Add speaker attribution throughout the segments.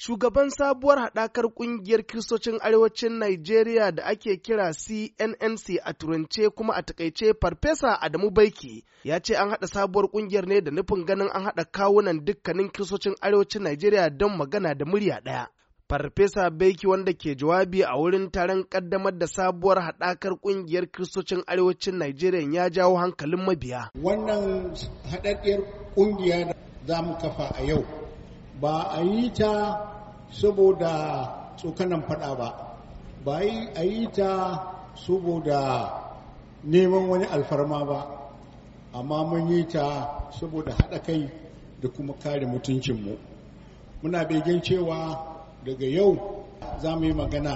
Speaker 1: shugaban sabuwar haɗakar ƙungiyar kiristocin arewacin Najeriya da ake kira CNNC a turance kuma a takaice Farfesa Adamu Baiki ya ce an haɗa sabuwar ƙungiyar ne da nufin ganin an haɗa kawunan dukkanin kiristocin arewacin Najeriya don magana da murya ɗaya. Farfesa Baiki, wanda ke jawabi a wurin taron ƙaddamar da sabuwar haɗakar ƙungiyar Kiristocin Arewacin Najeriya ya jawo hankalin mabiya. Wannan
Speaker 2: haɗaɗɗiyar ƙungiya za mu kafa a yau ba a yi ta saboda tsokanan fada ba ba a yi ta saboda neman wani alfarma ba amma mun yi ta saboda haɗa kai da kuma kare mutuncinmu muna begen cewa daga yau za mu yi magana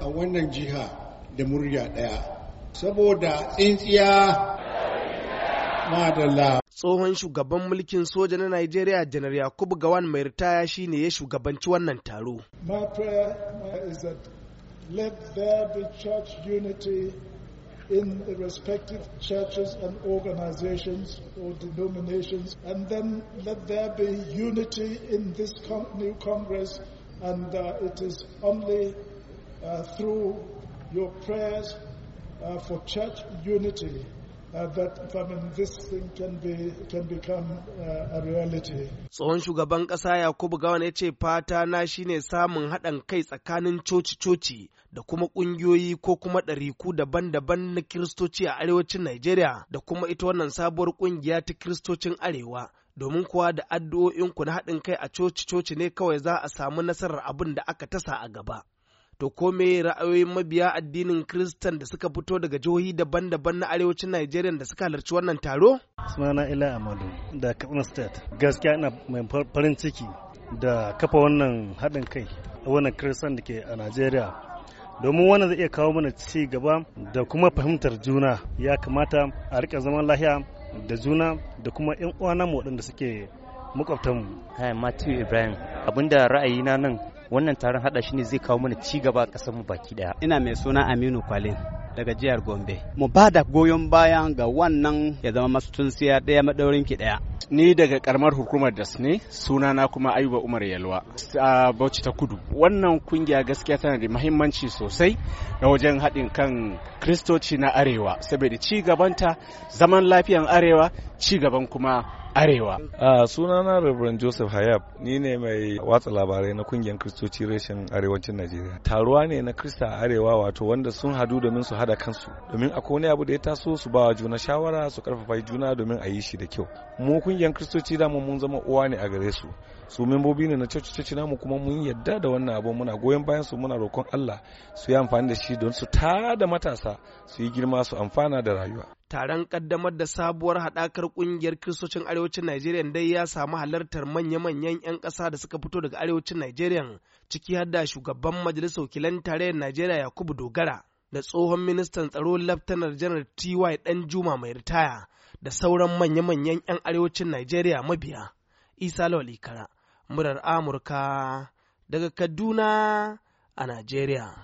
Speaker 2: a wannan jiha da murya ɗaya saboda tsintsiya Tsohon
Speaker 1: shugaban mulkin soja na Nigeria Janar Yakubu Gawan mai ritaya shine ya shugabanci wannan taro.
Speaker 2: My is that let there be church unity in the respective churches and organizations or denominations, and then let there be unity in this con new Congress, and uh, it is only uh, through your prayers uh, for church unity Uh, uh,
Speaker 1: Tsohon shugaban ƙasa Yakubu Gawan ya ce fata na shine samun haɗin kai tsakanin coci-coci da kuma ƙungiyoyi ko kuma ɗariku daban-daban na Kiristoci a arewacin Najeriya da kuma ita wannan sabuwar ƙungiya ta Kiristocin Arewa. domin kuwa da addu'o'inku na haɗin kai a coci-coci ne kawai za a samu nasarar abin da aka tasa a gaba. To ko me ra'ayoyin mabiya addinin Kiristan da suka fito daga jihohi daban-daban na arewacin Najeriya da suka halarci wannan taro? Sunana Ila Amadu da Katsina State. Gaskiya ina mai farin ciki da kafa wannan haɗin kai a wannan Kiristan da ke a Najeriya. domin wannan zai iya kawo mana ci gaba da kuma fahimtar juna ya kamata a rika zaman lahiya da juna da kuma yan uwana mu waɗanda suke makwabtanmu. Hai Matthew Ibrahim abinda na nan wannan taron hada shi ne zai kawo mana ci gaba a kasar mu baki daya ina mai suna Aminu Kwalin daga jihar Gombe mu bada goyon bayan ga wannan ya zama masu tunsiya daya madaurin ki daya Ni daga karamar hukumar das ne sunana kuma Ayuba Umar Yalwa a Bauchi ta Kudu. Wannan kungiya gaskiya tana da mahimmanci sosai na wajen haɗin kan Kristoci na Arewa saboda ci gabanta zaman lafiyan Arewa ci gaban kuma arewa.
Speaker 3: A sunana Reverend Joseph Hayab ni ne mai watsa labarai na kungiyar Kristoci reshen arewacin Najeriya. Taruwa ne na Krista a arewa wato wanda sun hadu domin su hada kansu domin a wani abu da ya taso su bawa juna shawara su karfafa juna domin a yi shi da kyau. Mu kungiyar kristoci da mun zama uwa ne a gare su su membobi ne na coci namu kuma mun yadda da wannan abu muna goyon bayan su muna roƙon Allah su yi amfani da shi don su ta da matasa su yi girma su amfana da rayuwa taron kaddamar da sabuwar haɗakar ƙungiyar
Speaker 1: kristocin arewacin Najeriya dai ya samu halartar manya-manyan 'yan ƙasa da suka fito daga arewacin Najeriya ciki har da shugaban majalisar wakilan tarayyar Najeriya Yakubu Dogara da tsohon ministan tsaro Laftanar Janar T.Y. Juma mai ritaya da sauran manya-manyan 'yan arewacin Najeriya mabiya. Isa Lawal murar Amurka daga Kaduna a Najeriya.